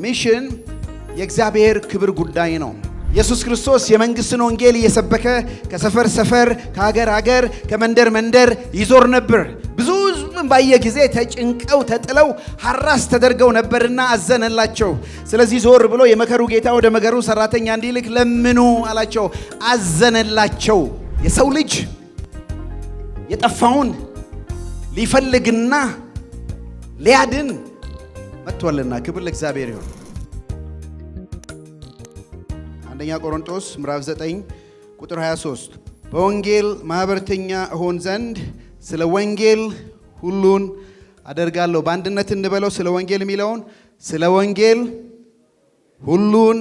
ሚሽን የእግዚአብሔር ክብር ጉዳይ ነው። ኢየሱስ ክርስቶስ የመንግሥትን ወንጌል እየሰበከ ከሰፈር ሰፈር፣ ከሀገር ሀገር፣ ከመንደር መንደር ይዞር ነበር። ብዙ ሕዝብን ባየ ጊዜ ተጭንቀው ተጥለው ሐራስ ተደርገው ነበርና አዘነላቸው። ስለዚህ ዞር ብሎ የመከሩ ጌታ ወደ መከሩ ሰራተኛ እንዲልክ ለምኑ አላቸው፣ አዘነላቸው። የሰው ልጅ የጠፋውን ሊፈልግና ሊያድን መጥቶልና ክብር ለእግዚአብሔር ይሁን። አንደኛ ቆሮንጦስ ምዕራፍ 9 ቁጥር 23 በወንጌል ማኅበርተኛ እሆን ዘንድ ስለ ወንጌል ሁሉን አደርጋለሁ። በአንድነት እንበለው። ስለ ወንጌል የሚለውን ስለ ወንጌል ሁሉን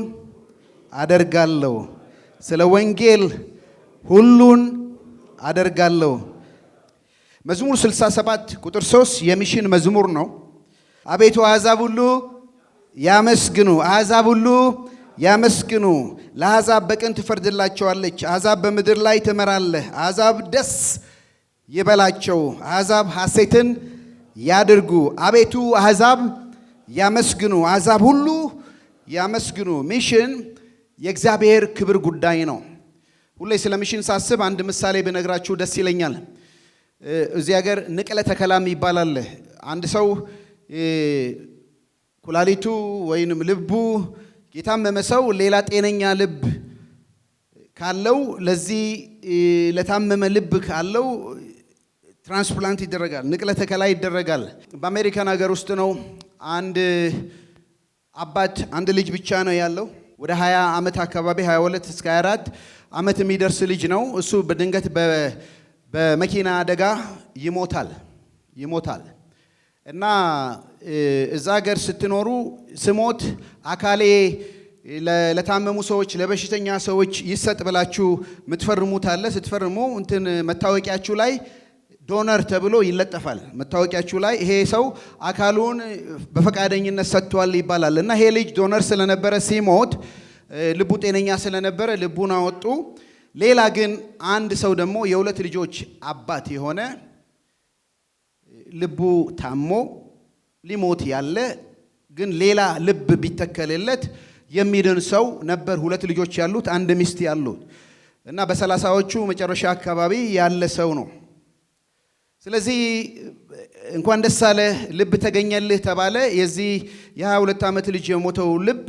አደርጋለሁ። ስለ ወንጌል ሁሉን አደርጋለሁ። መዝሙር 67 ቁጥር 3 የሚሽን መዝሙር ነው። አቤቱ አሕዛብ ሁሉ ያመስግኑ፣ አሕዛብ ሁሉ ያመስግኑ። ለአሕዛብ በቀን ትፈርድላቸዋለች፣ አሕዛብ በምድር ላይ ትመራለህ። አሕዛብ ደስ ይበላቸው፣ አሕዛብ ሐሴትን ያድርጉ። አቤቱ አሕዛብ ያመስግኑ፣ አሕዛብ ሁሉ ያመስግኑ። ሚሽን የእግዚአብሔር ክብር ጉዳይ ነው። ሁሌ ስለ ሚሽን ሳስብ አንድ ምሳሌ ብነግራችሁ ደስ ይለኛል። እዚህ ሀገር ንቅለ ተከላም ይባላል። አንድ ሰው ኩላሊቱ ወይንም ልቡ የታመመ ሰው ሌላ ጤነኛ ልብ ካለው ለዚህ ለታመመ ልብ ካለው ትራንስፕላንት ይደረጋል፣ ንቅለ ተከላ ይደረጋል። በአሜሪካን ሀገር ውስጥ ነው። አንድ አባት አንድ ልጅ ብቻ ነው ያለው። ወደ 20 ዓመት አካባቢ 22 እስከ 24 ዓመት የሚደርስ ልጅ ነው። እሱ በድንገት በመኪና አደጋ ይሞታል ይሞታል። እና እዛ ሀገር ስትኖሩ ስሞት አካሌ ለታመሙ ሰዎች ለበሽተኛ ሰዎች ይሰጥ ብላችሁ የምትፈርሙት አለ። ስትፈርሙ እንትን መታወቂያችሁ ላይ ዶነር ተብሎ ይለጠፋል። መታወቂያችሁ ላይ ይሄ ሰው አካሉን በፈቃደኝነት ሰጥቷል ይባላል። እና ይሄ ልጅ ዶነር ስለነበረ ሲሞት ልቡ ጤነኛ ስለነበረ ልቡን አወጡ። ሌላ ግን አንድ ሰው ደግሞ የሁለት ልጆች አባት የሆነ ልቡ ታሞ ሊሞት ያለ ግን ሌላ ልብ ቢተከልለት የሚድን ሰው ነበር። ሁለት ልጆች ያሉት አንድ ሚስት ያሉት እና በሰላሳዎቹ መጨረሻ አካባቢ ያለ ሰው ነው። ስለዚህ እንኳን ደስ አለ ልብ ተገኘልህ ተባለ። የዚህ የሀያ ሁለት ዓመት ልጅ የሞተው ልብ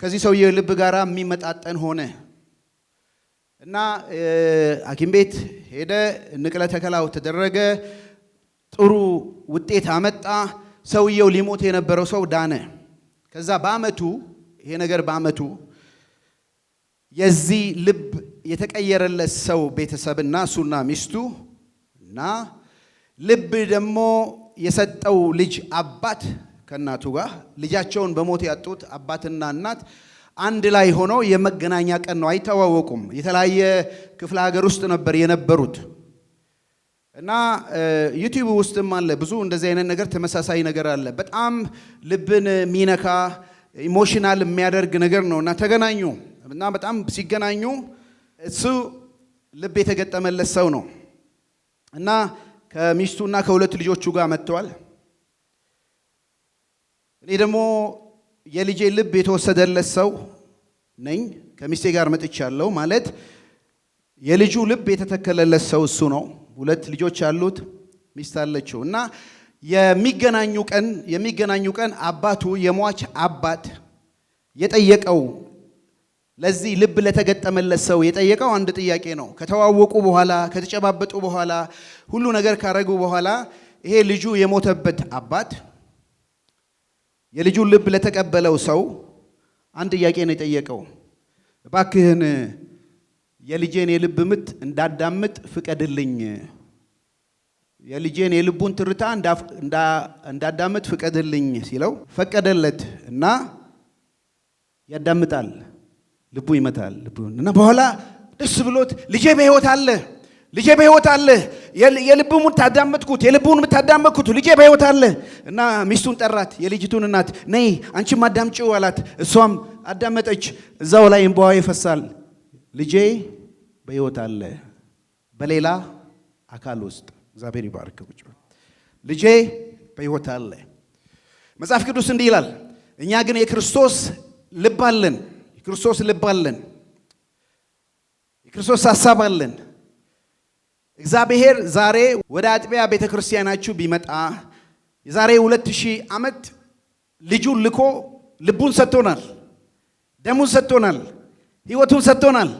ከዚህ ሰውየ ልብ ጋር የሚመጣጠን ሆነ እና ሐኪም ቤት ሄደ። ንቅለ ተከላው ተደረገ። ጥሩ ውጤት አመጣ። ሰውየው ሊሞት የነበረው ሰው ዳነ። ከዛ በአመቱ ይሄ ነገር በአመቱ የዚህ ልብ የተቀየረለት ሰው ቤተሰብና እሱና ሚስቱ እና ልብ ደግሞ የሰጠው ልጅ አባት ከእናቱ ጋር ልጃቸውን በሞት ያጡት አባትና እናት አንድ ላይ ሆነው የመገናኛ ቀን ነው። አይተዋወቁም። የተለያየ ክፍለ ሀገር ውስጥ ነበር የነበሩት። እና ዩቲዩብ ውስጥም አለ ብዙ እንደዚህ አይነት ነገር ተመሳሳይ ነገር አለ። በጣም ልብን የሚነካ ኢሞሽናል የሚያደርግ ነገር ነው እና ተገናኙ እና በጣም ሲገናኙ እሱ ልብ የተገጠመለት ሰው ነው እና ከሚስቱና ከሁለት ልጆቹ ጋር መጥተዋል። እኔ ደግሞ የልጄ ልብ የተወሰደለት ሰው ነኝ። ከሚስቴ ጋር መጥቻለሁ ማለት የልጁ ልብ የተተከለለት ሰው እሱ ነው። ሁለት ልጆች ያሉት ሚስት አለችው እና የሚገናኙ ቀን የሚገናኙ ቀን አባቱ የሟች አባት የጠየቀው ለዚህ ልብ ለተገጠመለት ሰው የጠየቀው አንድ ጥያቄ ነው። ከተዋወቁ በኋላ ከተጨባበጡ በኋላ ሁሉ ነገር ካረጉ በኋላ ይሄ ልጁ የሞተበት አባት የልጁን ልብ ለተቀበለው ሰው አንድ ጥያቄ ነው የጠየቀው። እባክህን የልጄን የልብ ምት እንዳዳምጥ ፍቀድልኝ፣ የልጄን የልቡን ትርታ እንዳዳምጥ ፍቀድልኝ ሲለው ፈቀደለት እና ያዳምጣል። ልቡ ይመታል ልቡን እና በኋላ ደስ ብሎት ልጄ በሕይወት አለ ልጄ በሕይወት አለ፣ የልቡን ምታዳመጥኩት የልቡን ምታዳመጥኩት ልጄ በሕይወት አለ እና ሚስቱን ጠራት፣ የልጅቱን እናት ነይ አንቺም አዳምጪው አላት። እሷም አዳመጠች። እዛው ላይ እምባዋ ይፈሳል። ልጄ በሕይወት አለ በሌላ አካል ውስጥ እግዚአብሔር ይባርክ። ልጄ በሕይወት አለ። መጽሐፍ ቅዱስ እንዲህ ይላል፣ እኛ ግን የክርስቶስ ልብ አለን። የክርስቶስ ልብ አለን። የክርስቶስ ሀሳብ አለን። እግዚአብሔር ዛሬ ወደ አጥቢያ ቤተ ክርስቲያናችሁ ቢመጣ የዛሬ ሁለት ሺህ ዓመት ልጁን ልኮ ልቡን ሰጥቶናል፣ ደሙን ሰጥቶናል፣ ሕይወቱን ሰጥቶናል።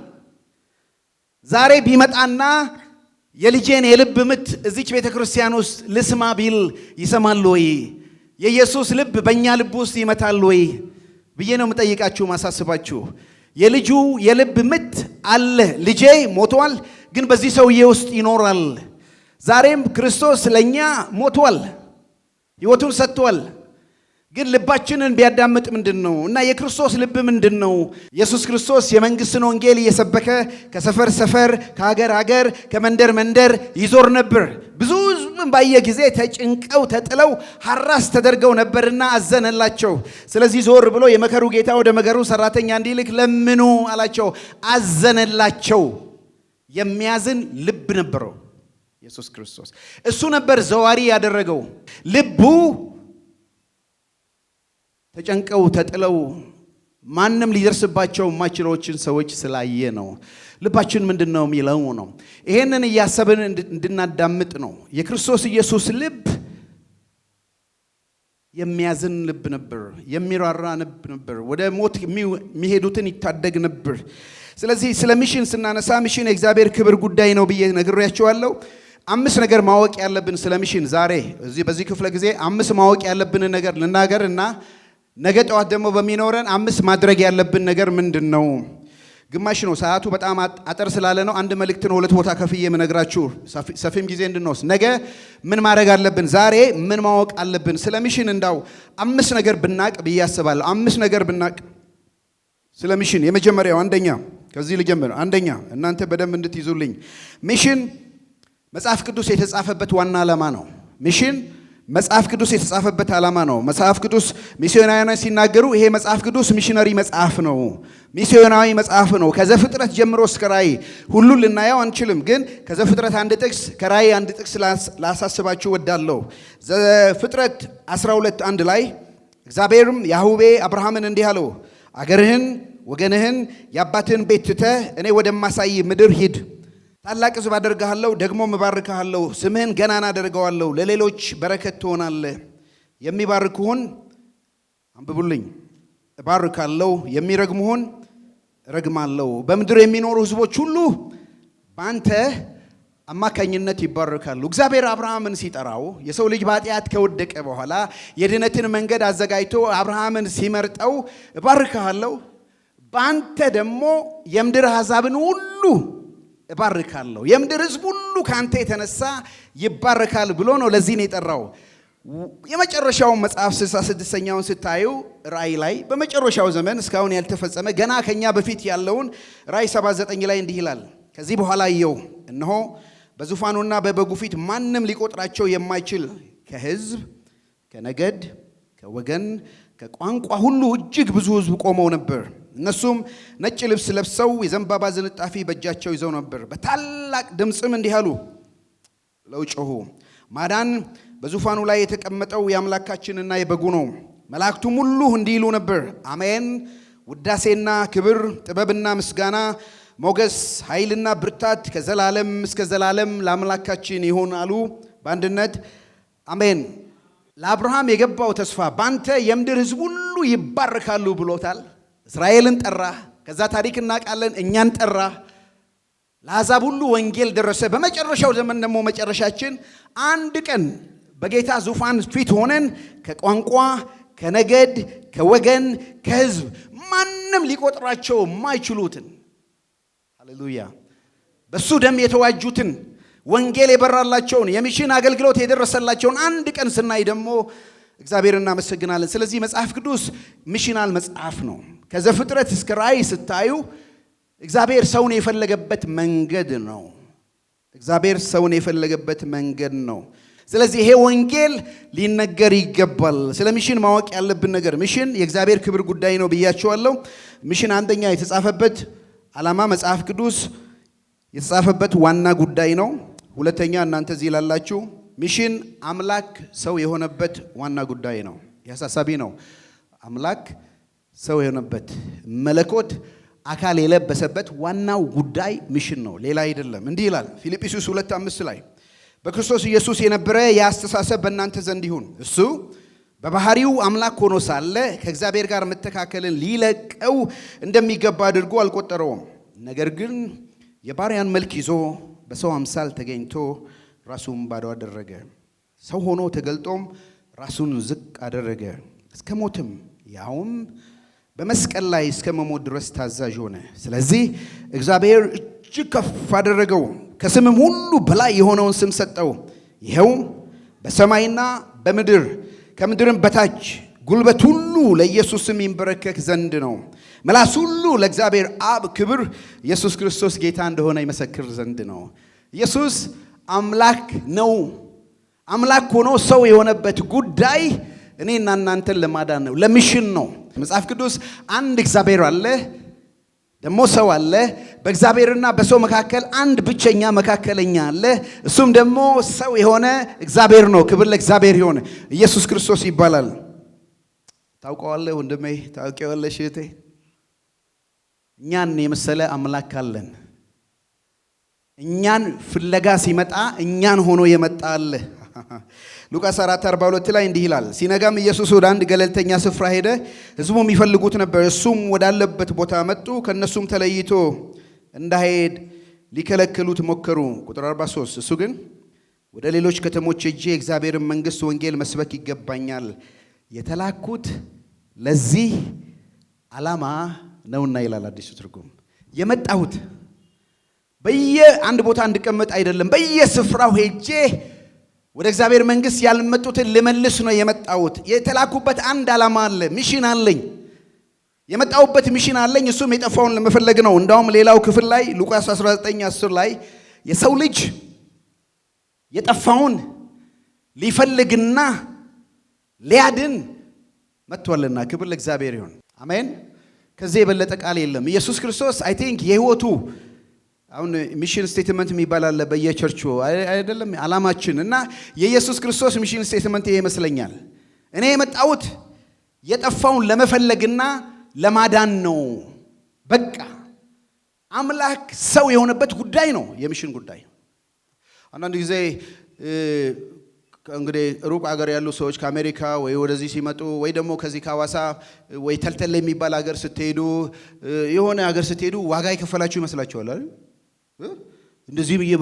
ዛሬ ቢመጣና የልጄን የልብ ምት እዚች ቤተ ክርስቲያን ውስጥ ልስማ ቢል ይሰማል ወይ? የኢየሱስ ልብ በእኛ ልብ ውስጥ ይመታል ወይ ብዬ ነው የምጠይቃችሁ፣ ማሳስባችሁ። የልጁ የልብ ምት አለ። ልጄ ሞቷል፣ ግን በዚህ ሰውዬ ውስጥ ይኖራል። ዛሬም ክርስቶስ ለእኛ ሞቷል፣ ሕይወቱን ሰጥቷል። ግን ልባችንን ቢያዳምጥ ምንድን ነው እና የክርስቶስ ልብ ምንድን ነው? ኢየሱስ ክርስቶስ የመንግሥትን ወንጌል እየሰበከ ከሰፈር ሰፈር፣ ከሀገር ሀገር፣ ከመንደር መንደር ይዞር ነበር። ብዙ ሕዝብን ባየ ጊዜ ተጭንቀው ተጥለው ሐራስ ተደርገው ነበርና አዘነላቸው። ስለዚህ ዞር ብሎ የመከሩ ጌታ ወደ መከሩ ሰራተኛ እንዲልክ ለምኑ አላቸው። አዘነላቸው። የሚያዝን ልብ ነበረው ኢየሱስ ክርስቶስ። እሱ ነበር ዘዋሪ ያደረገው ልቡ ተጨንቀው ተጥለው ማንም ሊደርስባቸው የማይችሎችን ሰዎች ስላየ ነው። ልባችን ምንድን ነው የሚለው ነው። ይሄንን እያሰብን እንድናዳምጥ ነው። የክርስቶስ ኢየሱስ ልብ የሚያዝን ልብ ነበር፣ የሚራራ ልብ ነበር፣ ወደ ሞት የሚሄዱትን ይታደግ ነበር። ስለዚህ ስለ ሚሽን ስናነሳ ሚሽን የእግዚአብሔር ክብር ጉዳይ ነው ብዬ ነግሬያቸዋለሁ። አምስት ነገር ማወቅ ያለብን ስለ ሚሽን ዛሬ በዚህ ክፍለ ጊዜ አምስት ማወቅ ያለብንን ነገር ልናገር እና ነገ ጠዋት ደግሞ በሚኖረን አምስት ማድረግ ያለብን ነገር ምንድን ነው? ግማሽ ነው ሰዓቱ በጣም አጠር ስላለ ነው። አንድ መልእክት ነው ሁለት ቦታ ከፍዬ የምነግራችሁ ሰፊም ጊዜ እንድንወስድ። ነገ ምን ማድረግ አለብን? ዛሬ ምን ማወቅ አለብን? ስለ ሚሽን እንዳው አምስት ነገር ብናቅ ብዬ አስባለሁ። አምስት ነገር ብናቅ ስለ ሚሽን። የመጀመሪያው አንደኛ፣ ከዚህ ልጀምር። አንደኛ እናንተ በደንብ እንድትይዙልኝ፣ ሚሽን መጽሐፍ ቅዱስ የተጻፈበት ዋና ዓላማ ነው። ሚሽን መጽሐፍ ቅዱስ የተጻፈበት ዓላማ ነው። መጽሐፍ ቅዱስ ሚስዮናውያን ሲናገሩ ይሄ መጽሐፍ ቅዱስ ሚሽነሪ መጽሐፍ ነው፣ ሚስዮናዊ መጽሐፍ ነው። ከዘፍጥረት ጀምሮ እስከ ራእይ ሁሉን ልናየው አንችልም፣ ግን ከዘፍጥረት አንድ ጥቅስ ከራእይ አንድ ጥቅስ ላሳስባችሁ ወዳለሁ። ዘፍጥረት 12 አንድ ላይ እግዚአብሔርም ያሁቤ አብርሃምን እንዲህ አለው፣ አገርህን፣ ወገንህን፣ የአባትህን ቤት ትተህ እኔ ወደማሳይ ምድር ሂድ ታላቅ ሕዝብ አደርግሃለሁ፣ ደግሞ እባርክሃለሁ፣ ስምህን ገናና አደርገዋለሁ፣ ለሌሎች በረከት ትሆናለህ። የሚባርኩህን አንብቡልኝ፣ እባርካለሁ፣ የሚረግሙህን እረግማለሁ። በምድር የሚኖሩ ሕዝቦች ሁሉ በአንተ አማካኝነት ይባረካሉ። እግዚአብሔር አብርሃምን ሲጠራው የሰው ልጅ በኃጢአት ከወደቀ በኋላ የድነትን መንገድ አዘጋጅቶ አብርሃምን ሲመርጠው እባርካለሁ፣ በአንተ ደግሞ የምድር አሕዛብን ሁሉ እባርካለሁ የምድር ህዝብ ሁሉ ከአንተ የተነሳ ይባርካል ብሎ ነው። ለዚህ ነው የጠራው። የመጨረሻውን መጽሐፍ ስልሳ ስድስተኛውን ስታዩ ራእይ ላይ በመጨረሻው ዘመን እስካሁን ያልተፈጸመ ገና ከኛ በፊት ያለውን ራእይ 79 ላይ እንዲህ ይላል። ከዚህ በኋላ እየው እነሆ በዙፋኑና በበጉ ፊት ማንም ሊቆጥራቸው የማይችል ከህዝብ ከነገድ፣ ከወገን፣ ከቋንቋ ሁሉ እጅግ ብዙ ህዝብ ቆመው ነበር። እነሱም ነጭ ልብስ ለብሰው የዘንባባ ዝንጣፊ በእጃቸው ይዘው ነበር። በታላቅ ድምፅም እንዲህ አሉ ብለው ጮኹ፣ ማዳን በዙፋኑ ላይ የተቀመጠው የአምላካችንና የበጉ ነው። መላእክቱም ሁሉ እንዲህ ይሉ ነበር፣ አሜን። ውዳሴና ክብር፣ ጥበብና ምስጋና፣ ሞገስ፣ ኃይልና ብርታት ከዘላለም እስከ ዘላለም ለአምላካችን ይሆን አሉ በአንድነት አሜን። ለአብርሃም የገባው ተስፋ በአንተ የምድር ሕዝብ ሁሉ ይባርካሉ ብሎታል። እስራኤልን ጠራህ። ከዛ ታሪክ እናውቃለን። እኛን ጠራህ። ለአሕዛብ ሁሉ ወንጌል ደረሰ። በመጨረሻው ዘመን ደግሞ መጨረሻችን አንድ ቀን በጌታ ዙፋን ፊት ሆነን ከቋንቋ ከነገድ ከወገን ከሕዝብ ማንም ሊቆጥራቸው የማይችሉትን ሃሌሉያ በሱ ደም የተዋጁትን ወንጌል የበራላቸውን የሚሽን አገልግሎት የደረሰላቸውን አንድ ቀን ስናይ ደግሞ እግዚአብሔር እናመሰግናለን። ስለዚህ መጽሐፍ ቅዱስ ሚሽናል መጽሐፍ ነው። ከዘፍጥረት እስከ ራእይ ስታዩ እግዚአብሔር ሰውን የፈለገበት መንገድ ነው። እግዚአብሔር ሰውን የፈለገበት መንገድ ነው። ስለዚህ ይሄ ወንጌል ሊነገር ይገባል። ስለ ሚሽን ማወቅ ያለብን ነገር ሚሽን የእግዚአብሔር ክብር ጉዳይ ነው ብያቸዋለሁ። ሚሽን አንደኛ የተጻፈበት ዓላማ መጽሐፍ ቅዱስ የተጻፈበት ዋና ጉዳይ ነው። ሁለተኛ እናንተ እዚህ ላላችሁ ሚሽን አምላክ ሰው የሆነበት ዋና ጉዳይ ነው። ያሳሳቢ ነው። አምላክ ሰው የሆነበት መለኮት አካል የለበሰበት ዋናው ጉዳይ ሚሽን ነው፣ ሌላ አይደለም። እንዲህ ይላል ፊልጵስዩስ ሁለት አምስት ላይ በክርስቶስ ኢየሱስ የነበረ የአስተሳሰብ በእናንተ ዘንድ ይሁን። እሱ በባህሪው አምላክ ሆኖ ሳለ ከእግዚአብሔር ጋር መተካከልን ሊለቀው እንደሚገባ አድርጎ አልቆጠረውም። ነገር ግን የባሪያን መልክ ይዞ በሰው አምሳል ተገኝቶ ራሱን ባዶ አደረገ። ሰው ሆኖ ተገልጦም ራሱን ዝቅ አደረገ እስከ ሞትም ያውም በመስቀል ላይ እስከ መሞት ድረስ ታዛዥ ሆነ። ስለዚህ እግዚአብሔር እጅግ ከፍ አደረገው፣ ከስምም ሁሉ በላይ የሆነውን ስም ሰጠው። ይኸው በሰማይና በምድር ከምድርም በታች ጉልበት ሁሉ ለኢየሱስ ስም ይንበረከክ ዘንድ ነው። ምላስ ሁሉ ለእግዚአብሔር አብ ክብር ኢየሱስ ክርስቶስ ጌታ እንደሆነ ይመሰክር ዘንድ ነው። ኢየሱስ አምላክ ነው። አምላክ ሆኖ ሰው የሆነበት ጉዳይ እኔና እናንተን ለማዳን ነው፣ ለሚሽን ነው። መጽሐፍ ቅዱስ አንድ እግዚአብሔር አለ፣ ደግሞ ሰው አለ። በእግዚአብሔርና በሰው መካከል አንድ ብቸኛ መካከለኛ አለ፣ እሱም ደግሞ ሰው የሆነ እግዚአብሔር ነው። ክብር ለእግዚአብሔር ይሆን ኢየሱስ ክርስቶስ ይባላል። ታውቀዋለህ ወንድሜ፣ ታውቂዋለሽ እህቴ። እኛን የመሰለ አምላክ አለን። እኛን ፍለጋ ሲመጣ እኛን ሆኖ የመጣ አለ። ሉቃስ 4 42 ላይ እንዲህ ይላል፣ ሲነጋም ኢየሱስ ወደ አንድ ገለልተኛ ስፍራ ሄደ፣ ህዝቡ የሚፈልጉት ነበር። እሱም ወዳለበት ቦታ መጡ፣ ከእነሱም ተለይቶ እንዳሄድ ሊከለክሉት ሞከሩ። ቁጥር 43 እሱ ግን ወደ ሌሎች ከተሞች እጄ የእግዚአብሔርን መንግሥት ወንጌል መስበክ ይገባኛል፣ የተላኩት ለዚህ ዓላማ ነውና ይላል አዲሱ ትርጉም የመጣሁት በየ አንድ ቦታ እንድቀመጥ አይደለም፣ በየስፍራው ሄጄ ወደ እግዚአብሔር መንግስት ያልመጡትን ልመልስ ነው የመጣሁት። የተላኩበት አንድ ዓላማ አለ፣ ሚሽን አለኝ። የመጣሁበት ሚሽን አለኝ፣ እሱም የጠፋውን ለመፈለግ ነው። እንዳውም ሌላው ክፍል ላይ ሉቃስ 10 ላይ የሰው ልጅ የጠፋውን ሊፈልግና ሊያድን መጥቷልና ክብር ለእግዚአብሔር ይሁን። አሜን። ከዚህ የበለጠ ቃል የለም። ኢየሱስ ክርስቶስ አይ ቲንክ የህይወቱ አሁን ሚሽን ስቴትመንት የሚባል አለ በየቸርቹ አይደለም። አላማችን እና የኢየሱስ ክርስቶስ ሚሽን ስቴትመንት ይሄ ይመስለኛል። እኔ የመጣሁት የጠፋውን ለመፈለግና ለማዳን ነው። በቃ አምላክ ሰው የሆነበት ጉዳይ ነው የሚሽን ጉዳይ። አንዳንድ ጊዜ እንግዲህ ሩቅ አገር ያሉ ሰዎች ከአሜሪካ ወይ ወደዚህ ሲመጡ ወይ ደግሞ ከዚህ ከሐዋሳ ወይ ተልተለ የሚባል አገር ስትሄዱ የሆነ አገር ስትሄዱ ዋጋ ይከፈላችሁ ይመስላችኋል አይደል? እንደዚህ ብዬ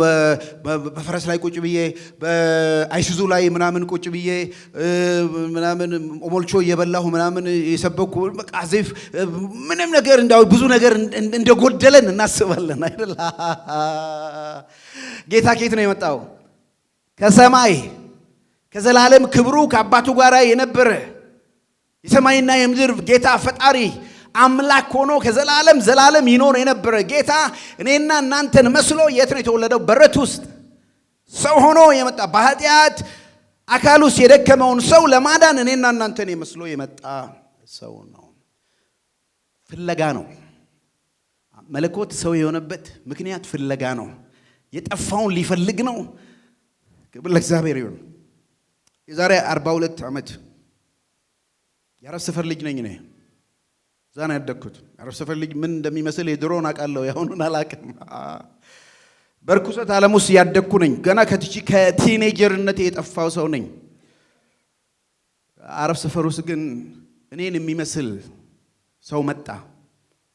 በፈረስ ላይ ቁጭ ብዬ በአይሱዙ ላይ ምናምን ቁጭ ብዬ ምናምን ኦሞልቾ እየበላሁ ምናምን የሰበኩ በቃ ምንም ነገር እንዳው ብዙ ነገር እንደጎደለን እናስባለን አይደል? ጌታ ኬት ነው የመጣው? ከሰማይ ከዘላለም ክብሩ ከአባቱ ጋር የነበረ የሰማይና የምድር ጌታ ፈጣሪ አምላክ ሆኖ ከዘላለም ዘላለም ይኖር የነበረ ጌታ እኔና እናንተን መስሎ የት ነው የተወለደው? በረት ውስጥ ሰው ሆኖ የመጣ በኃጢአት አካል ውስጥ የደከመውን ሰው ለማዳን እኔና እናንተን የመስሎ የመጣ ሰው ነው። ፍለጋ ነው። መለኮት ሰው የሆነበት ምክንያት ፍለጋ ነው። የጠፋውን ሊፈልግ ነው። ክብር ለእግዚአብሔር ይሁን። የዛሬ 42 ዓመት የአረብ ሰፈር ልጅ ነኝ እኔ እዛ ነው ያደግኩት። አረብ ስፈልግ ምን እንደሚመስል የድሮን አውቃለሁ፣ የአሁኑን አላውቅም። በርኩሰት ዓለም ውስጥ ያደግኩ ነኝ። ገና ከትቺ ከቲኔጀርነት የጠፋው ሰው ነኝ። አረብ ሰፈር ውስጥ ግን እኔን የሚመስል ሰው መጣ።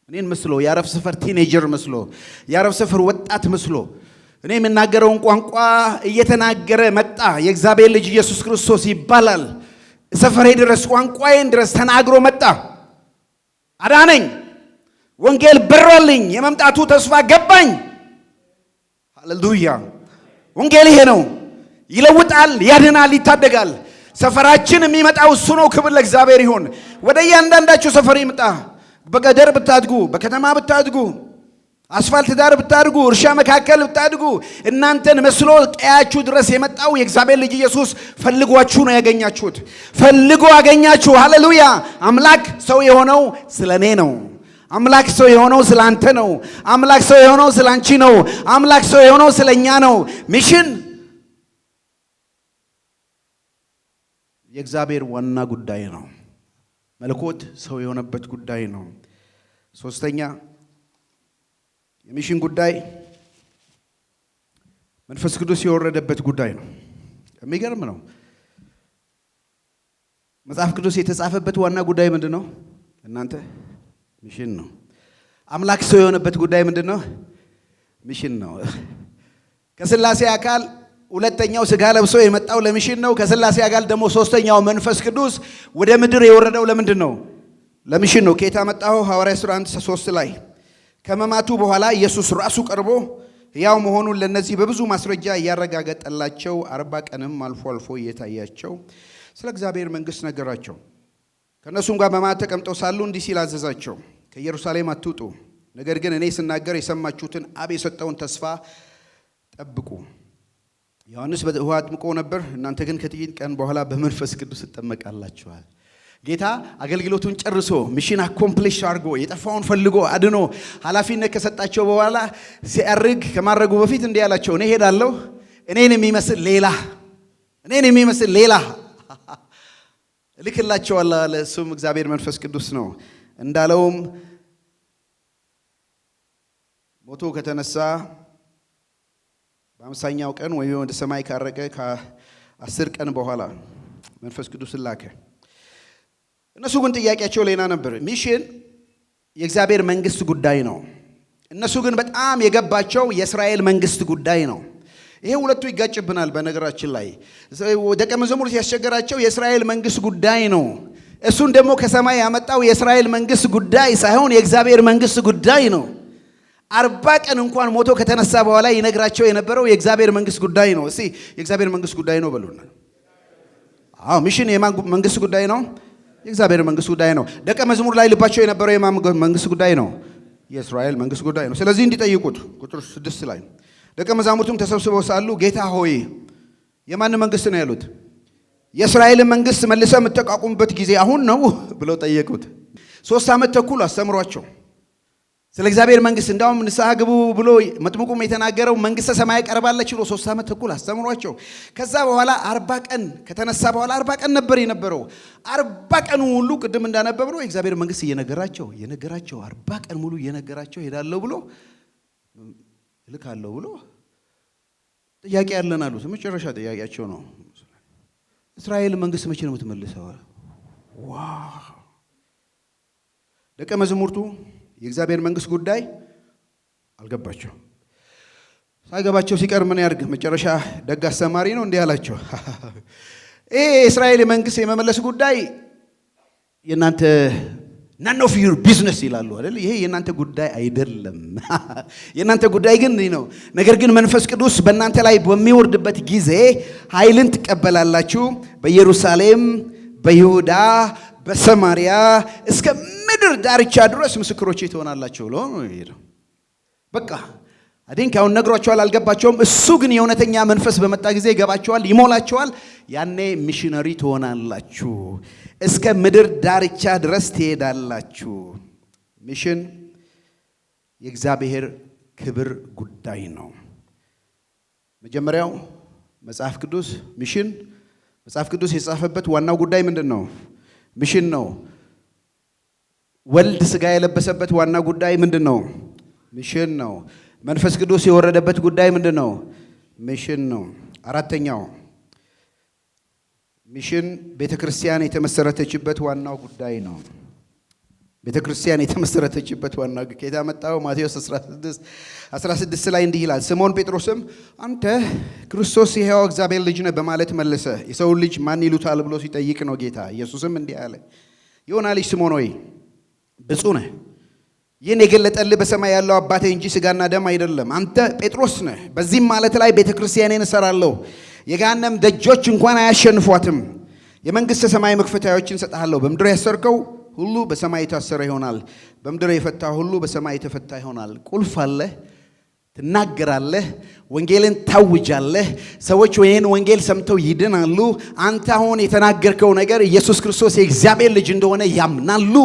እኔን መስሎ የአረብ ሰፈር ቲኔጀር መስሎ የአረብ ሰፈር ወጣት መስሎ እኔ የምናገረውን ቋንቋ እየተናገረ መጣ። የእግዚአብሔር ልጅ ኢየሱስ ክርስቶስ ይባላል። ሰፈሬ ድረስ ቋንቋዬን ድረስ ተናግሮ መጣ። አዳነኝ፣ ወንጌል በራልኝ፣ የመምጣቱ ተስፋ ገባኝ። ሃሌሉያ! ወንጌል ይሄ ነው። ይለውጣል፣ ያድናል፣ ይታደጋል። ሰፈራችን የሚመጣው እሱ ነው። ክብር ለእግዚአብሔር ይሁን። ወደ እያንዳንዳችሁ ሰፈር ይምጣ። በገደር ብታድጉ፣ በከተማ ብታድጉ አስፋልት ዳር ብታድጉ፣ እርሻ መካከል ብታድጉ፣ እናንተን መስሎ ቀያችሁ ድረስ የመጣው የእግዚአብሔር ልጅ ኢየሱስ ፈልጓችሁ ነው ያገኛችሁት። ፈልጎ አገኛችሁ። ሃሌሉያ! አምላክ ሰው የሆነው ስለ እኔ ነው። አምላክ ሰው የሆነው ስለ አንተ ነው። አምላክ ሰው የሆነው ስለ አንቺ ነው። አምላክ ሰው የሆነው ስለ እኛ ነው። ሚሽን የእግዚአብሔር ዋና ጉዳይ ነው። መልኮት ሰው የሆነበት ጉዳይ ነው። ሶስተኛ የሚሽን ጉዳይ መንፈስ ቅዱስ የወረደበት ጉዳይ ነው። የሚገርም ነው። መጽሐፍ ቅዱስ የተጻፈበት ዋና ጉዳይ ምንድን ነው? እናንተ ሚሽን ነው። አምላክ ሰው የሆነበት ጉዳይ ምንድን ነው? ሚሽን ነው። ከስላሴ አካል ሁለተኛው ስጋ ለብሶ የመጣው ለሚሽን ነው። ከስላሴ አካል ደግሞ ሶስተኛው መንፈስ ቅዱስ ወደ ምድር የወረደው ለምንድን ነው? ለሚሽን ነው። ከየት መጣሁ? ሐዋርያ ሥራ አንድ ሶስት ላይ ከመማቱ በኋላ ኢየሱስ ራሱ ቀርቦ ሕያው መሆኑን ለነዚህ በብዙ ማስረጃ እያረጋገጠላቸው አርባ ቀንም አልፎ አልፎ እየታያቸው ስለ እግዚአብሔር መንግሥት ነገራቸው። ከእነሱም ጋር በማዕድ ተቀምጠው ሳሉ እንዲህ ሲል አዘዛቸው፣ ከኢየሩሳሌም አትውጡ፣ ነገር ግን እኔ ስናገር የሰማችሁትን አብ የሰጠውን ተስፋ ጠብቁ። ዮሐንስ በውሃ አጥምቆ ነበር፣ እናንተ ግን ከጥቂት ቀን በኋላ በመንፈስ ቅዱስ ትጠመቃላችኋል። ጌታ አገልግሎቱን ጨርሶ ሚሽን አኮምፕሊሽ አድርጎ የጠፋውን ፈልጎ አድኖ ኃላፊነት ከሰጣቸው በኋላ ሲያርግ ከማድረጉ በፊት እንዲህ ያላቸው እኔ ሄዳለሁ፣ እኔን የሚመስል ሌላ እኔን የሚመስል ሌላ እልክላቸዋለሁ አለ። እሱም እግዚአብሔር መንፈስ ቅዱስ ነው። እንዳለውም ሞቶ ከተነሳ በአምሳኛው ቀን ወይም ወደ ሰማይ ካረቀ ከአስር ቀን በኋላ መንፈስ ቅዱስን ላከ። እነሱ ግን ጥያቄያቸው ሌላ ነበር። ሚሽን የእግዚአብሔር መንግስት ጉዳይ ነው። እነሱ ግን በጣም የገባቸው የእስራኤል መንግስት ጉዳይ ነው። ይሄ ሁለቱ ይጋጭብናል። በነገራችን ላይ ደቀ መዛሙርት ያስቸገራቸው የእስራኤል መንግስት ጉዳይ ነው። እሱን ደግሞ ከሰማይ ያመጣው የእስራኤል መንግስት ጉዳይ ሳይሆን የእግዚአብሔር መንግስት ጉዳይ ነው። አርባ ቀን እንኳን ሞቶ ከተነሳ በኋላ ይነግራቸው የነበረው የእግዚአብሔር መንግስት ጉዳይ ነው። እስቲ የእግዚአብሔር መንግስት ጉዳይ ነው በሉና። አዎ ሚሽን የማን መንግስት ጉዳይ ነው? የእግዚአብሔር መንግስት ጉዳይ ነው። ደቀ መዝሙር ላይ ልባቸው የነበረው የማን መንግስት ጉዳይ ነው? የእስራኤል መንግስት ጉዳይ ነው። ስለዚህ እንዲጠይቁት ቁጥር ስድስት ላይ ደቀ መዛሙርቱም ተሰብስበው ሳሉ ጌታ ሆይ የማን መንግስት ነው ያሉት? የእስራኤል መንግስት መልሰ የምትጠቋቁምበት ጊዜ አሁን ነው ብለው ጠየቁት። ሶስት ዓመት ተኩል አስተምሯቸው ስለ እግዚአብሔር መንግስት እንዳውም ንስሐ ግቡ ብሎ መጥምቁም የተናገረው መንግስተ ሰማይ ቀርባለች ብሎ ሶስት ዓመት ተኩል አስተምሯቸው ከዛ በኋላ አርባ ቀን ከተነሳ በኋላ አርባ ቀን ነበር የነበረው። አርባ ቀኑ ሁሉ ቅድም እንዳነበብ ነው የእግዚአብሔር መንግስት እየነገራቸው እየነገራቸው አርባ ቀን ሙሉ እየነገራቸው ሄዳለሁ ብሎ እልካለሁ ብሎ ጥያቄ ያለን አሉት። መጨረሻ ጥያቄያቸው ነው እስራኤል መንግስት መቼ ነው የምትመልሰው? ደቀ መዝሙርቱ የእግዚአብሔር መንግስት ጉዳይ አልገባቸው። ሳይገባቸው ሲቀር ምን ያድርግ? መጨረሻ ደግ አስተማሪ ነው እንዲህ አላቸው፣ ይህ የእስራኤል መንግስት የመመለስ ጉዳይ የእናንተ ናን ኦፍ ዩር ቢዝነስ ይላሉ አይደል? ይሄ የእናንተ ጉዳይ አይደለም። የእናንተ ጉዳይ ግን ነው። ነገር ግን መንፈስ ቅዱስ በእናንተ ላይ በሚወርድበት ጊዜ ኃይልን ትቀበላላችሁ። በኢየሩሳሌም፣ በይሁዳ፣ በሰማሪያ እስከ ምድር ዳርቻ ድረስ ምስክሮቼ ትሆናላችሁ ብሎ ነው። በቃ አዲን ካሁን ነግሯቸዋል፣ አልገባቸውም። እሱ ግን የእውነተኛ መንፈስ በመጣ ጊዜ ይገባቸዋል፣ ይሞላቸዋል። ያኔ ሚሽነሪ ትሆናላችሁ፣ እስከ ምድር ዳርቻ ድረስ ትሄዳላችሁ። ሚሽን የእግዚአብሔር ክብር ጉዳይ ነው። መጀመሪያው መጽሐፍ ቅዱስ ሚሽን፣ መጽሐፍ ቅዱስ የጻፈበት ዋናው ጉዳይ ምንድን ነው? ሚሽን ነው። ወልድ ስጋ የለበሰበት ዋና ጉዳይ ምንድን ነው? ምሽን ነው። መንፈስ ቅዱስ የወረደበት ጉዳይ ምንድን ነው? ምሽን ነው። አራተኛው ሚሽን ቤተ ክርስቲያን የተመሰረተችበት ዋናው ጉዳይ ነው። ቤተ ክርስቲያን የተመሰረተችበት ዋና ጌታ መጣው ማቴዎስ 16 ላይ እንዲህ ይላል፣ ስምዖን ጴጥሮስም አንተ ክርስቶስ የሕያው እግዚአብሔር ልጅ ነህ በማለት መለሰ። የሰውን ልጅ ማን ይሉታል ብሎ ሲጠይቅ ነው ጌታ። ኢየሱስም እንዲህ አለ፣ ዮና ልጅ ስምዖን ሆይ ብፁዕ ነህ። ይህን የገለጠልህ በሰማይ ያለው አባቴ እንጂ ስጋና ደም አይደለም። አንተ ጴጥሮስ ነህ፣ በዚህም ማለት ላይ ቤተ ክርስቲያኔን እሰራለሁ፣ የገሃነም ደጆች እንኳን አያሸንፏትም። የመንግሥተ ሰማይ መክፈቻዎችን እሰጥሃለሁ። በምድር ያሰርከው ሁሉ በሰማይ የታሰረ ይሆናል፣ በምድር የፈታ ሁሉ በሰማይ የተፈታ ይሆናል። ቁልፍ አለህ። ትናገራለህ፣ ወንጌልን ታውጃለህ። ሰዎች ይህን ወንጌል ሰምተው ይድናሉ። አንተ አሁን የተናገርከው ነገር ኢየሱስ ክርስቶስ የእግዚአብሔር ልጅ እንደሆነ ያምናሉ።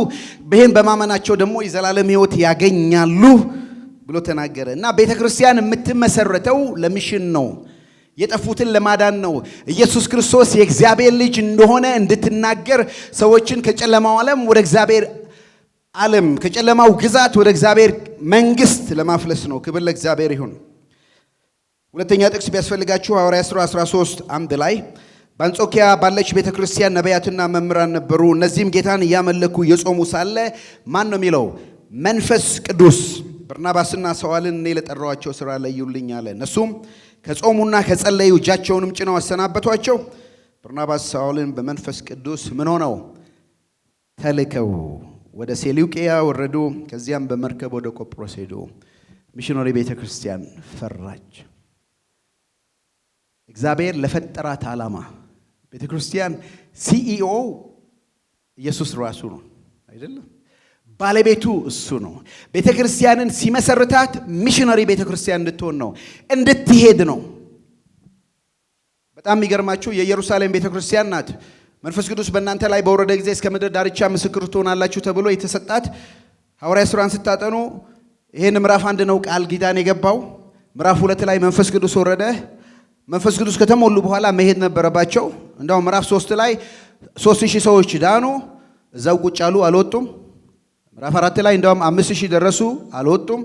ይህን በማመናቸው ደግሞ የዘላለም ሕይወት ያገኛሉ ብሎ ተናገረ እና ቤተ ክርስቲያን የምትመሰረተው ለሚሽን ነው የጠፉትን ለማዳን ነው። ኢየሱስ ክርስቶስ የእግዚአብሔር ልጅ እንደሆነ እንድትናገር ሰዎችን ከጨለማው ዓለም ወደ እግዚአብሔር ዓለም ከጨለማው ግዛት ወደ እግዚአብሔር መንግስት ለማፍለስ ነው። ክብር ለእግዚአብሔር ይሁን። ሁለተኛ ጥቅስ ቢያስፈልጋችሁ ሐዋርያት ሥራ 13 አንድ ላይ በአንጾኪያ ባለች ቤተ ክርስቲያን ነቢያትና መምህራን ነበሩ። እነዚህም ጌታን እያመለኩ የጾሙ ሳለ ማን ነው የሚለው? መንፈስ ቅዱስ በርናባስና ሰዋልን እኔ ለጠራዋቸው ሥራ ለዩልኝ አለ። እነሱም ከጾሙና ከጸለዩ እጃቸውንም ጭነው አሰናበቷቸው። በርናባስ ሰዋልን በመንፈስ ቅዱስ ምን ሆነው ተልከው ወደ ሴሉቅያ ወረዱ። ከዚያም በመርከብ ወደ ቆጵሮስ ሄዱ። ሚሽኖሪ ቤተ ክርስቲያን ፈራች። እግዚአብሔር ለፈጠራት ዓላማ ቤተ ክርስቲያን ሲኢኦ ኢየሱስ ራሱ ነው አይደለም? ባለቤቱ እሱ ነው። ቤተ ክርስቲያንን ሲመሰርታት ሚሽነሪ ቤተ ክርስቲያን እንድትሆን ነው፣ እንድትሄድ ነው። በጣም የሚገርማችሁ የኢየሩሳሌም ቤተ ክርስቲያን ናት መንፈስ ቅዱስ በእናንተ ላይ በወረደ ጊዜ እስከ ምድር ዳርቻ ምስክር ትሆናላችሁ ተብሎ የተሰጣት ሐዋርያ ሥራን ስታጠኑ ይህን ምዕራፍ አንድ ነው ቃል ጌታን የገባው። ምዕራፍ ሁለት ላይ መንፈስ ቅዱስ ወረደ። መንፈስ ቅዱስ ከተሞሉ በኋላ መሄድ ነበረባቸው። እንዳውም ምዕራፍ ሶስት ላይ ሶስት ሺህ ሰዎች ዳኑ። እዛው ቁጭ አሉ፣ አልወጡም። ምዕራፍ አራት ላይ እንዳውም አምስት ሺህ ደረሱ፣ አልወጡም።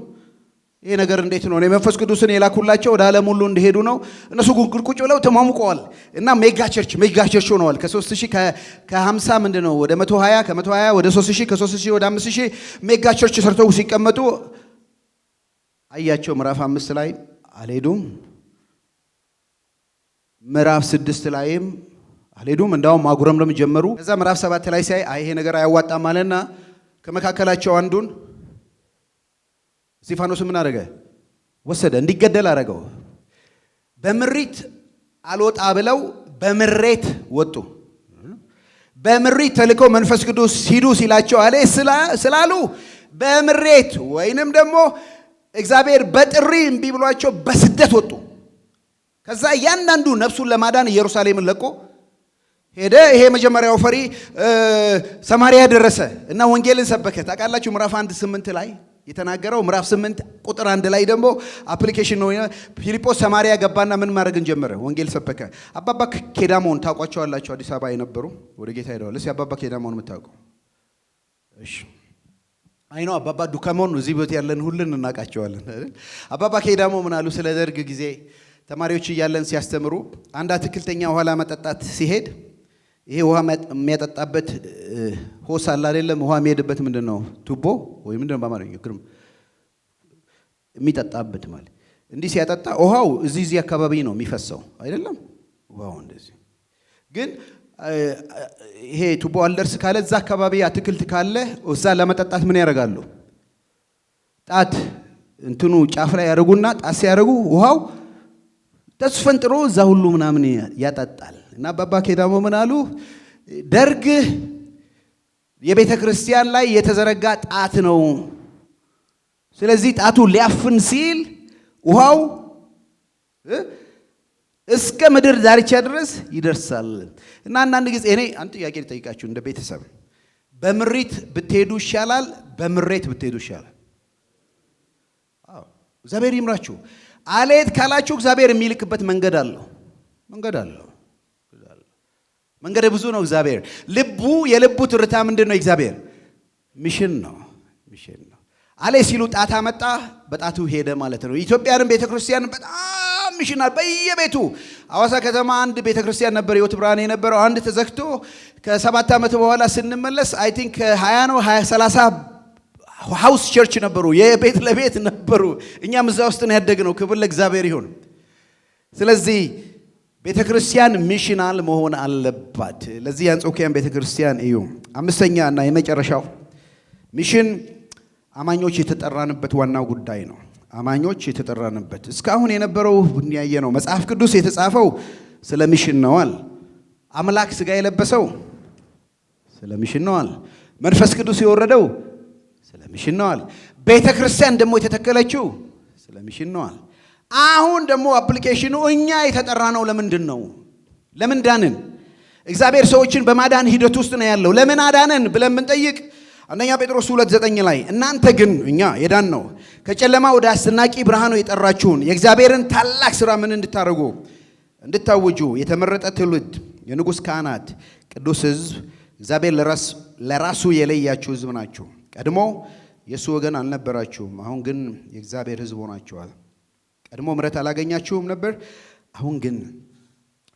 ይሄ ነገር እንዴት ነው? የመንፈስ ቅዱስን የላኩላቸው ወደ ዓለም ሁሉ እንዲሄዱ ነው። እነሱ ጉንቅል ቁጭ ብለው ተሟሙቀዋል እና ሜጋ ቸርች ሜጋ ቸርች ሆነዋል ከሶስት 3000 ከሀምሳ ከ50 ምንድን ነው ወደ ሀያ ከ ሀያ ወደ 3000 ከሶስት 3000 ወደ 5000 ሜጋ ቸርች ሰርተው ሲቀመጡ አያቸው። ምዕራፍ አምስት ላይ አልሄዱም። ምዕራፍ ስድስት ላይም አልሄዱም። እንዳውም ማጉረምረም ጀመሩ። ከዛ ምዕራፍ ሰባት ላይ ሲያይ ይሄ ነገር አያዋጣም አለና ከመካከላቸው አንዱን እስጢፋኖስን ምን አደረገ? ወሰደ፣ እንዲገደል አደረገው። በምሪት አልወጣ ብለው በምሬት ወጡ። በምሪት ተልኮ መንፈስ ቅዱስ ሂዱ ሲላቸው አለ ስላሉ በምሬት ወይንም ደግሞ እግዚአብሔር በጥሪ እምቢ ብሏቸው በስደት ወጡ። ከዛ እያንዳንዱ ነፍሱን ለማዳን ኢየሩሳሌምን ለቆ ሄደ። ይሄ መጀመሪያው ፈሪ ሰማሪያ ደረሰ እና ወንጌልን ሰበከ። ታውቃላችሁ ምዕራፍ አንድ ስምንት ላይ የተናገረው ምዕራፍ ስምንት ቁጥር አንድ ላይ ደግሞ አፕሊኬሽን ነው። ፊልጶስ ሰማሪያ ገባና ምን ማድረግን ጀመረ? ወንጌል ሰበከ። አባባ ኬዳሞን ታውቋቸዋላቸው? አዲስ አበባ የነበሩ ወደ ጌታ ሄደዋል። እስኪ አባባ ኬዳሞን የምታውቀው? እሺ አይኖ አባባ ዱከሞን እዚህ ቤት ያለን ሁሉን እናውቃቸዋለን። አባባ ኬዳሞ ምን አሉ? ስለ ደርግ ጊዜ ተማሪዎች እያለን ሲያስተምሩ አንድ አትክልተኛ ውኋላ መጠጣት ሲሄድ ይሄ ውሃ የሚያጠጣበት ሆስ አለ አይደለም? ውሃ የሚሄድበት ምንድን ነው? ቱቦ ወይ ምንድን ነው በአማርኛ ግርም የሚጠጣበት ማለት እንዲህ ሲያጠጣ ውሃው እዚህ እዚህ አካባቢ ነው የሚፈሰው አይደለም? ውሃው እንደዚህ ግን ይሄ ቱቦ አልደርስ ካለ እዛ አካባቢ አትክልት ካለ እዛ ለመጠጣት ምን ያደርጋሉ? ጣት እንትኑ ጫፍ ላይ ያደርጉና ጣት ሲያደርጉ ውሃው ተስፈንጥሮ እዛ ሁሉ ምናምን ያጠጣል። እና አባባ ኬዳሞ ምን አሉ? ደርግ የቤተ ክርስቲያን ላይ የተዘረጋ ጣት ነው። ስለዚህ ጣቱ ሊያፍን ሲል ውሃው እስከ ምድር ዳርቻ ድረስ ይደርሳል እና አንዳንድ ጊዜ እኔ አንድ ጥያቄ ልጠይቃችሁ እንደ ቤተሰብ በምሪት ብትሄዱ ይሻላል፣ በምሬት ብትሄዱ ይሻላል? እግዚአብሔር ይምራችሁ። አሌት ካላችሁ እግዚአብሔር የሚልክበት መንገድ አለው መንገድ አለው። መንገድ ብዙ ነው። እግዚአብሔር ልቡ የልቡ ትርታ ምንድን ነው? እግዚአብሔር ሚሽን ነው ሚሽን ነው አለ ሲሉ ጣት አመጣ፣ በጣቱ ሄደ ማለት ነው። ኢትዮጵያንም ቤተ በጣም ሚሽናል በየቤቱ አዋሳ ከተማ አንድ ቤተክርስቲያን ነበር ሕይወት ብርሃን የነበረው አንድ ተዘግቶ ከሰባት ዓመት በኋላ ስንመለስ አይ ቲንክ ሀያ ነው ሰላሳ ሀውስ ቸርች ነበሩ፣ የቤት ለቤት ነበሩ። እኛም እዛ ውስጥ ነው ያደግነው። ክብር ለእግዚአብሔር ይሁን። ስለዚህ ቤተ ክርስቲያን ሚሽናል መሆን አለባት። ለዚህ የአንጾኪያን ቤተ ክርስቲያን እዩ። አምስተኛ እና የመጨረሻው ሚሽን አማኞች የተጠራንበት ዋናው ጉዳይ ነው። አማኞች የተጠራንበት እስካሁን የነበረው ያየ ነው። መጽሐፍ ቅዱስ የተጻፈው ስለ ሚሽን ነዋል። አምላክ ስጋ የለበሰው ስለ ሚሽን ነዋል። መንፈስ ቅዱስ የወረደው ስለ ሚሽን ነዋል። ቤተ ክርስቲያን ደግሞ የተተከለችው ስለ ሚሽን ነዋል። አሁን ደግሞ አፕሊኬሽኑ እኛ የተጠራ ነው። ለምንድን ነው? ለምን ዳንን? እግዚአብሔር ሰዎችን በማዳን ሂደት ውስጥ ነው ያለው። ለምን አዳንን ብለን ብንጠይቅ አንደኛ ጴጥሮስ ሁለት ዘጠኝ ላይ እናንተ ግን እኛ የዳን ነው ከጨለማ ወደ አስናቂ ብርሃኑ የጠራችሁን የእግዚአብሔርን ታላቅ ስራ ምን እንድታደርጉ እንድታውጁ የተመረጠ ትውልድ፣ የንጉሥ ካህናት፣ ቅዱስ ሕዝብ፣ እግዚአብሔር ለራሱ የለያችሁ ሕዝብ ናችሁ። ቀድሞ የእሱ ወገን አልነበራችሁም፣ አሁን ግን የእግዚአብሔር ሕዝብ ሆናችኋል። ቀድሞ ምረት አላገኛችሁም ነበር፣ አሁን ግን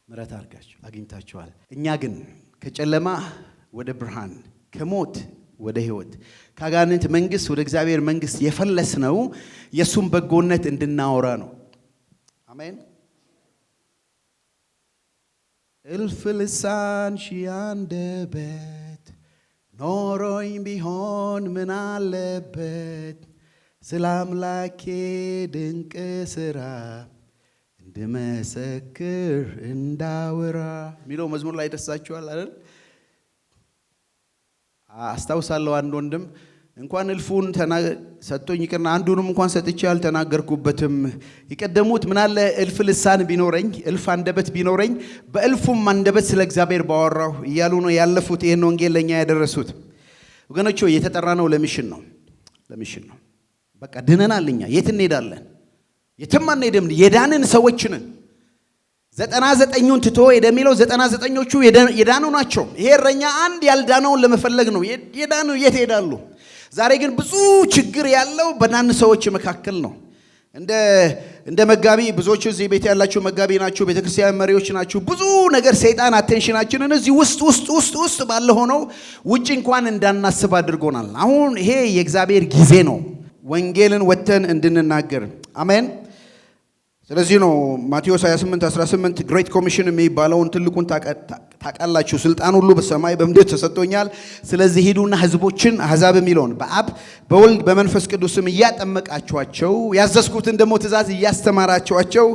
ምረት አድርጋችሁ አግኝታችኋል። እኛ ግን ከጨለማ ወደ ብርሃን ከሞት ወደ ህይወት ከአጋንንት መንግስት ወደ እግዚአብሔር መንግስት የፈለስነው የእሱን በጎነት እንድናወራ ነው። አሜን። እልፍ ልሳን ሺህ አንደበት ኖሮኝ ቢሆን ምን አለበት ስለ አምላኬ ድንቅ ስራ እንድመሰክር እንዳወራ የሚለው መዝሙር ላይ ደሳችኋል አይደል? አስታውሳለሁ አንድ ወንድም እንኳን እልፉን ሰጥቶኝ ይቅርና አንዱንም እንኳን ሰጥቼ አልተናገርኩበትም። የቀደሙት ምናለ እልፍ ልሳን ቢኖረኝ እልፍ አንደበት ቢኖረኝ በእልፉም አንደበት ስለ እግዚአብሔር ባወራሁ እያሉ ነው ያለፉት። ይህን ወንጌል ለእኛ ያደረሱት ወገኖች የተጠራ ነው ለሚሽን ነው ለሚሽን ነው በቃ ድነናል። እኛ የት እንሄዳለን? የትም አንሄድም። የዳንን ሰዎች ነን። ዘጠና ዘጠኙን ትቶ የደሚለው ዘጠና ዘጠኞቹ የዳኑ ናቸው። ይሄ እረኛ አንድ ያልዳነውን ለመፈለግ ነው። የዳኑ የት ይሄዳሉ? ዛሬ ግን ብዙ ችግር ያለው በዳን ሰዎች መካከል ነው። እንደ መጋቢ ብዙዎቹ እዚህ ቤት ያላችሁ መጋቢ ናችሁ፣ ቤተክርስቲያን መሪዎች ናችሁ። ብዙ ነገር ሰይጣን አቴንሽናችንን እዚህ ውስጥ ውስጥ ውስጥ ውስጥ ባለ ሆነው ውጭ እንኳን እንዳናስብ አድርጎናል። አሁን ይሄ የእግዚአብሔር ጊዜ ነው። ወንጌልን ወጥተን እንድንናገር አሜን። ስለዚህ ነው ማቴዎስ 28 18 ግሬት ኮሚሽን የሚባለውን ትልቁን ታውቃላችሁ። ስልጣን ሁሉ በሰማይ በምድር ተሰጥቶኛል፣ ስለዚህ ሂዱና ህዝቦችን አህዛብ የሚለውን በአብ በወልድ በመንፈስ ቅዱስም እያጠመቃችኋቸው ያዘዝኩትን ደግሞ ትእዛዝ እያስተማራችኋቸው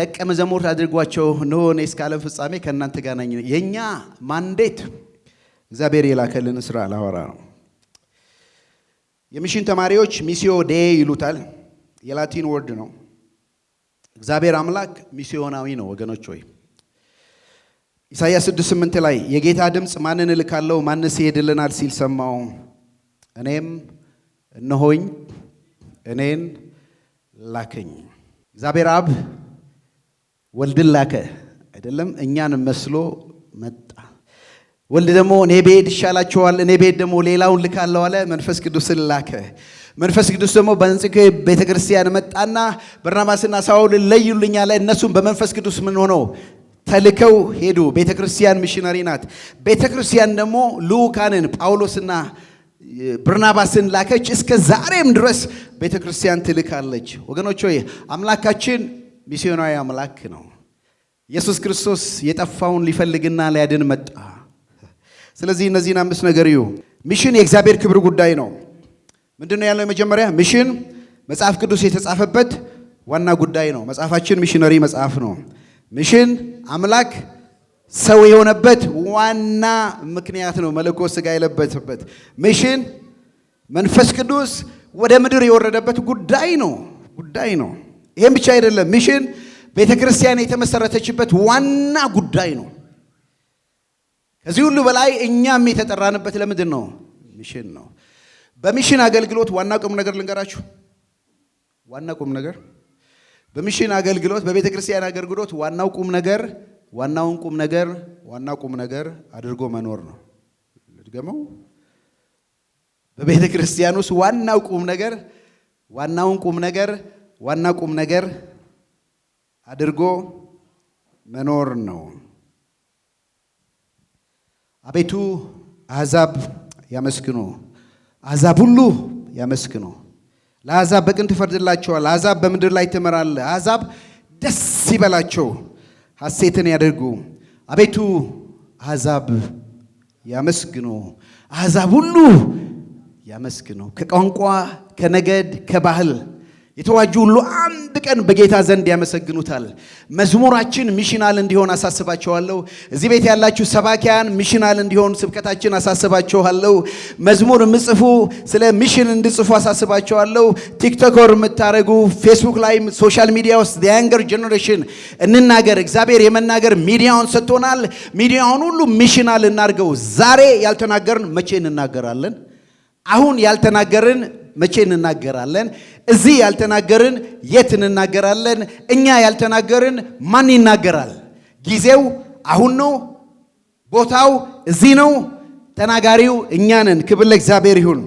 ደቀ መዛሙርት አድርጓቸው፣ እነሆ እኔ እስከ ዓለም ፍጻሜ ከእናንተ ጋር ነኝ። የእኛ ማንዴት እግዚአብሔር የላከልን ስራ ላወራ ነው። የሚሽን ተማሪዎች ሚሲዮ ዴ ይሉታል። የላቲን ወርድ ነው። እግዚአብሔር አምላክ ሚስዮናዊ ነው ወገኖች ሆይ ኢሳይያስ 6:8 ላይ የጌታ ድምፅ ማንን እልካለሁ ማንስ ይሄድልናል ሲል ሰማው እኔም እነሆኝ እኔን ላከኝ እግዚአብሔር አብ ወልድን ላከ አይደለም እኛን መስሎ መጣ ወልድ ደግሞ እኔ ብሄድ ይሻላችኋል፣ እኔ ብሄድ ደግሞ ሌላውን ልካለው አለ። መንፈስ ቅዱስን ላከ። መንፈስ ቅዱስ ደግሞ በአንጾኪያ ቤተ ክርስቲያን መጣና በርናባስና ሳውልን ለዩልኝ አለ። እነሱም በመንፈስ ቅዱስ ምን ሆነው ተልከው ሄዱ። ቤተ ክርስቲያን ሚሽነሪ ናት። ቤተ ክርስቲያን ደግሞ ልዑካንን ጳውሎስና በርናባስን ላከች። እስከ ዛሬም ድረስ ቤተ ክርስቲያን ትልካለች። ወገኖች ሆይ አምላካችን ሚስዮናዊ አምላክ ነው። ኢየሱስ ክርስቶስ የጠፋውን ሊፈልግና ሊያድን መጣ። ስለዚህ እነዚህን አምስት ነገር እዩ። ሚሽን የእግዚአብሔር ክብር ጉዳይ ነው። ምንድን ነው ያለው? የመጀመሪያ ሚሽን መጽሐፍ ቅዱስ የተጻፈበት ዋና ጉዳይ ነው። መጽሐፋችን ሚሽነሪ መጽሐፍ ነው። ሚሽን አምላክ ሰው የሆነበት ዋና ምክንያት ነው። መልኮ ስጋ የለበትበት ሚሽን መንፈስ ቅዱስ ወደ ምድር የወረደበት ጉዳይ ነው ጉዳይ ነው። ይህም ብቻ አይደለም። ሚሽን ቤተ ክርስቲያን የተመሰረተችበት ዋና ጉዳይ ነው። ከዚህ ሁሉ በላይ እኛም የተጠራንበት ለምንድን ነው? ሚሽን ነው። በሚሽን አገልግሎት ዋና ቁም ነገር ልንገራችሁ። ዋና ቁም ነገር በሚሽን አገልግሎት በቤተ ክርስቲያን አገልግሎት ዋናው ቁም ነገር ዋናውን ቁም ነገር ዋና ቁም ነገር አድርጎ መኖር ነው። ልድገመው። በቤተ ክርስቲያን ውስጥ ዋናው ቁም ነገር ዋናውን ቁም ነገር ዋና ቁም ነገር አድርጎ መኖር ነው። አቤቱ አሕዛብ ያመስግኑ፣ አሕዛብ ሁሉ ያመስግኑ። ለአሕዛብ በቅን ትፈርድላቸዋል፣ አሕዛብ በምድር ላይ ትመራል አሕዛብ ደስ ይበላቸው፣ ሐሴትን ያደርጉ። አቤቱ አሕዛብ ያመስግኑ፣ አሕዛብ ሁሉ ያመስግኑ። ከቋንቋ ከነገድ ከባህል የተዋጁ ሁሉ አንድ ቀን በጌታ ዘንድ ያመሰግኑታል። መዝሙራችን ሚሽናል እንዲሆን አሳስባችኋለሁ። እዚህ ቤት ያላችሁ ሰባኪያን ሚሽናል እንዲሆን ስብከታችን አሳስባችኋለሁ። መዝሙር ምጽፉ ስለ ሚሽን እንድጽፉ አሳስባችኋለሁ። ቲክቶከር የምታደረጉ ፌስቡክ ላይ ሶሻል ሚዲያ ውስጥ ያንገር ጀኔሬሽን እንናገር። እግዚአብሔር የመናገር ሚዲያውን ሰጥቶናል። ሚዲያውን ሁሉ ሚሽናል እናድርገው። ዛሬ ያልተናገርን መቼ እንናገራለን? አሁን ያልተናገርን መቼ እንናገራለን? እዚህ ያልተናገርን የት እንናገራለን? እኛ ያልተናገርን ማን ይናገራል? ጊዜው አሁን ነው። ቦታው እዚህ ነው። ተናጋሪው እኛ ነን። ክብር ለእግዚአብሔር ይሁን።